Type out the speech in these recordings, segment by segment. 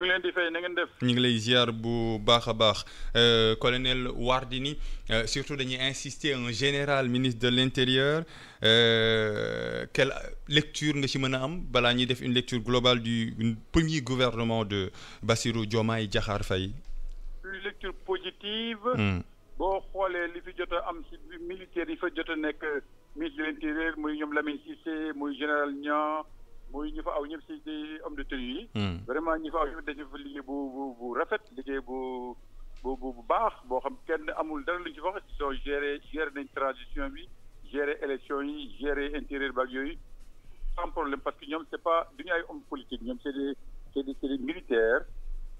ñu ngi leen euh, di colonel Wardini euh, surtout insister un général ministre de l'intérieur euh, quelle lecture nga une lecture globale du premier gouvernement de Bassirou Diomaye une lecture positive. Hmm. li fi ministre de l'intérieur général muy ñi fa aw ñëpp si di homme de tenue yi. Hmm. vraiment ñi fa aw ñëpp dañu fa liggéey bu bu bu rafet liggéey bu bu bu baax boo xam kenn amul dara lu ñu wax ils ont géré géré nañ transition bi gérer élection yi gérer intérieur ba sans problème parce que ñoom c'est pas du ñu ay homme politique c'est des c'est des militaires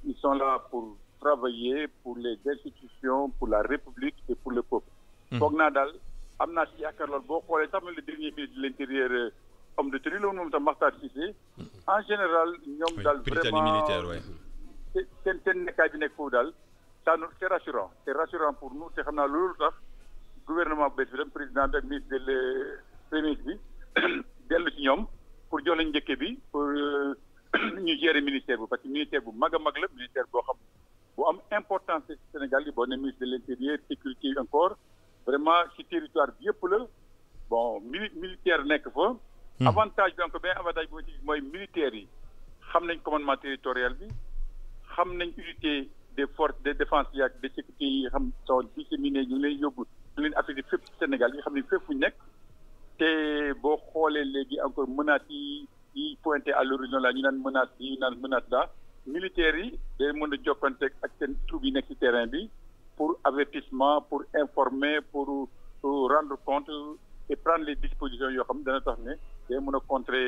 ils sont là pour travailler pour les institutions pour la République et pour le peuple. Donc, hmm. naa daal am naa si yaakaar lool boo le dernier ministre de l'intérieur homme de tenue nous woon moom tam Cissé mm-hmm. en général nous daal vraiment C'est seen nekkaay bi nekk foofu daal ça nous c'est rassurant c'est rassurant pour nous c'est comme naa loolu tax gouvernement bu bi président bi ak ministre de premier bi dellu ci ñoom pour dire lañ njëkke bi pour euh, ñu gérer ministère bi parce que ministère bu mag a mag la ministère boo xam bu am importance Sénégal yi ministre de l'intérieur sécurité encore vraiment ci territoire bi yëpp bon militaire nekk fa Hmm. avantage donc encore les militaires commandement territorial bi unité des forces de défense de sécurité yi xam sont ñu ñu Sénégal encore pointé à l'horizon la ñu menace menace militaires ak yi pour avertissement pour informer pour rendre compte et prendre les dispositions yoo xam dana tax ne day mën a contrer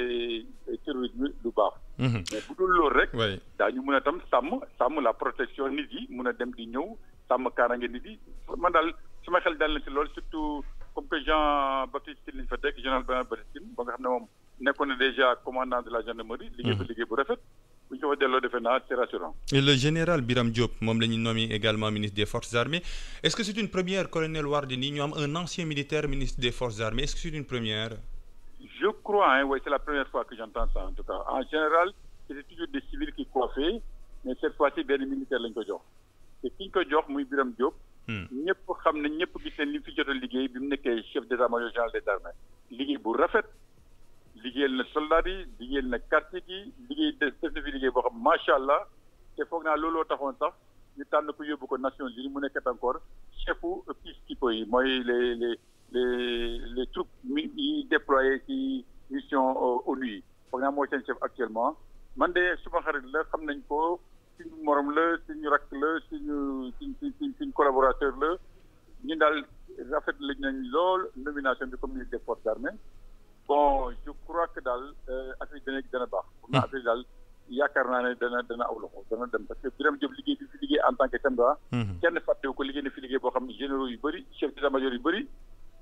terrorisme lu baax. Mhm. mais bu dul loolu rek. daañu mën a tam sàmm sàmm la protection nit yi mën a dem di ñëw sàmm kaaraange nit yi man daal sama xel dal na ci lool surtout comme que Jean Baptiste Tine fa teg général Bernard Baptiste ba nga xam ne moom nekkoon na déjà commandant de la gendarmerie. liggéey ba mhm. liggéey bu rafet et le général Biram Diop également ministre des forces armées est-ce que c'est une première colonel Wardini un ancien militaire ministre des forces armées est-ce que c'est une première. je crois hein, c'est la première fois que j'entends ça en tout cas en général c'est toujours des civils qui coiffent, mais cette fois-ci c'est militaire lañ ko jox C'est qui ñu ko jox Diop. nous hmm. xam nañ ñëpp gis nañ li fi jot a bi mu des chef des major général des armées liggéey bu rafet liggéeyal na soldat yi liggéeyal na quartier gi liggéey def na fi liggéey boo xam macha allah te foog naa looloo taxoon sax ñu tànn ko yóbbu ko Nations Unies mu nekkat encore chefu peacekeepers yi mooy les les les les troupes yi déployé ci mission euh, ONU yi foog naa mooy seen chef actuellement man de suma xarit la xam nañ ko suñu morom la suñu rakk la suñu suñ suñ collaborateur la ñun daal rafet lañ nañ lool nomination bi comme ministre des forces armées bon je crois que daal euh, affaire dana dana baax. pour naa hmm. affaire daal yaakaar naa ne dana dana aw loxo dana dem parce que Birame Diop liggéey bi fi liggéey en tant que candidat. Hmm. kenn fàttewu ko liggéey na fi liggéey boo xam ne généraux yu bëri chef d'état-major yu bëri.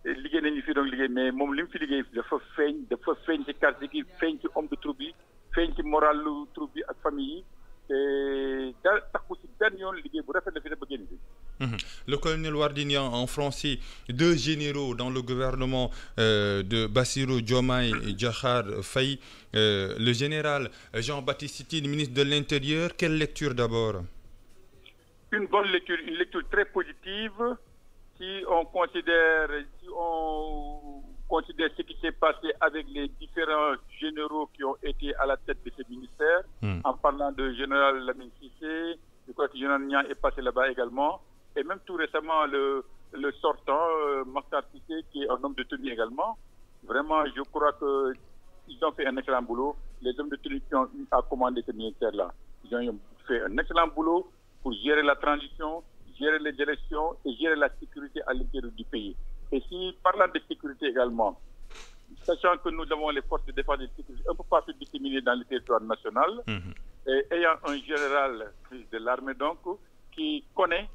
Eh, liggéey nañu fi doon liggéey mais moom li mu fi liggéey dafa feeñ dafa feeñ ci quartier gi feeñ ci homme de troupe bi feeñ ci moral lu colonel Wardinian en français, deux généraux dans le gouvernement euh, de Bassirou Diomaye et Faye, euh, le général Jean-Baptiste le ministre de l'Intérieur. Quelle lecture d'abord Une bonne lecture, une lecture très positive. Si on considère, si on considère ce qui s'est passé avec les différents généraux qui ont été à la tête de ces ministères, hmm. en parlant de général Lamine Sissé, je crois que Général Nian est passé là-bas également et même tout récemment le, sortant, euh, Tissé, qui est un homme de tenue également. Vraiment, je crois qu'ils ont fait un excellent boulot. Les hommes de tenue qui ont eu à commander ce ministère-là, ils ont fait un excellent boulot pour gérer la transition, gérer les élections et gérer la sécurité à l'intérieur du pays. Et si, parlant de sécurité également, sachant que nous avons les forces de défense et de sécurité un peu partout disséminées dans le territoire national, mhm. et ayant un général de l'armée donc qui connaît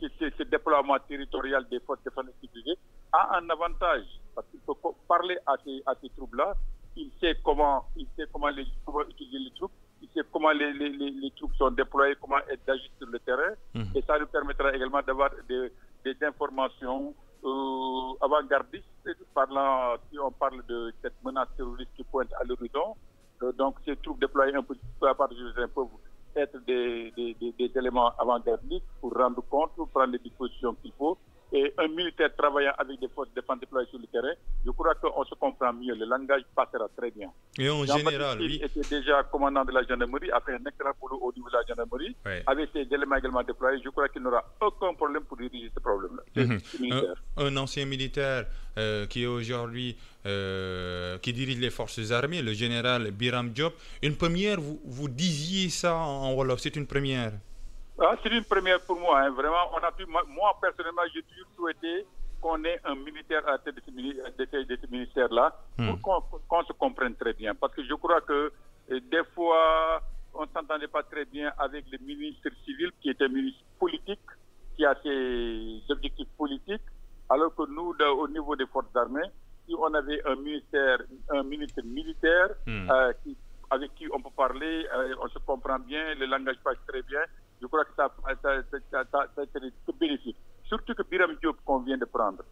ce, déploiement territorial des forces de défense a un avantage parce qu'il peut parler à ces, à ces troupes-là. Il sait comment, il sait comment les troupes utiliser les troupes, il sait comment les, les, troupes sont déployées, comment elles agissent sur le terrain. Mmh. Et ça lui permettra également d'avoir des, informations euh, avant-gardistes, parlant, si on parle de cette menace terroriste qui pointe à l'horizon. Euh, donc ces troupes déployées un peu à partir du être des, éléments avant-gardistes pour rendre compte, pour prendre les dispositions qu'il faut et un militaire travaillant avec des forces de défense déployées sur le terrain, je crois qu'on se comprend mieux. Le langage passera très bien. Et en général, oui. était déjà commandant de la gendarmerie, après un pour au niveau de la gendarmerie, avec ses éléments également déployés, je crois qu'il n'aura aucun problème pour diriger ce problème-là. Mmh. un, ancien militaire euh, qui est aujourd'hui, euh, qui dirige les forces armées, le général Biram Diop, une première, vous, vous disiez ça en Wolof, c'est une première. Ah, c'est une première pour moi. Hein. Vraiment, on a pu, moi, personnellement, j'ai toujours souhaité qu'on ait un militaire à tête de ce ministère-là pour hmm. qu'on se comprenne très bien. Parce que je crois que euh, des fois, on ne s'entendait pas très bien avec le ministre civil qui était ministre politique, qui a ses objectifs politiques, alors que nous, au niveau des forces armées, si on avait un un ministre militaire hmm. euh, avec qui on peut parler, euh, on se comprend bien, le langage passe très bien, je crois que ça, a été bénéfique. Surtout que Biram Diop qu'on vient de prendre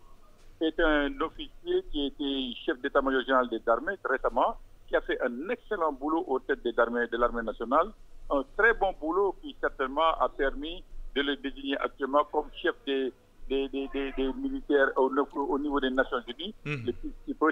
est un officier qui était chef d'état-major général des armées récemment, qui a fait un excellent boulot aux têtes des armées, de l'armée nationale, un très bon boulot qui certainement a permis de le désigner actuellement comme chef des, des, militaires au, niveau des Nations Unies, mmh.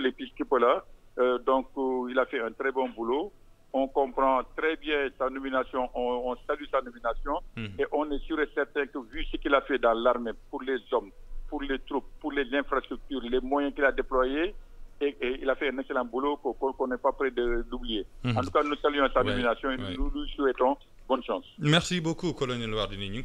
les pistes là. Euh, donc, euh, il a fait un très bon boulot on comprend très bien sa nomination, on, salue sa nomination mhm. et on est sûr et certain que vu ce qu'il a fait dans l'armée pour les hommes, pour les troupes, pour les infrastructures, les moyens qu'il a déployés, et, il a fait un excellent boulot qu'on n'est pas prêt d'oublier. Mhm. En tout cas, nous saluons sa nomination et nous lui souhaitons bonne chance. Merci beaucoup, colonel Wardini.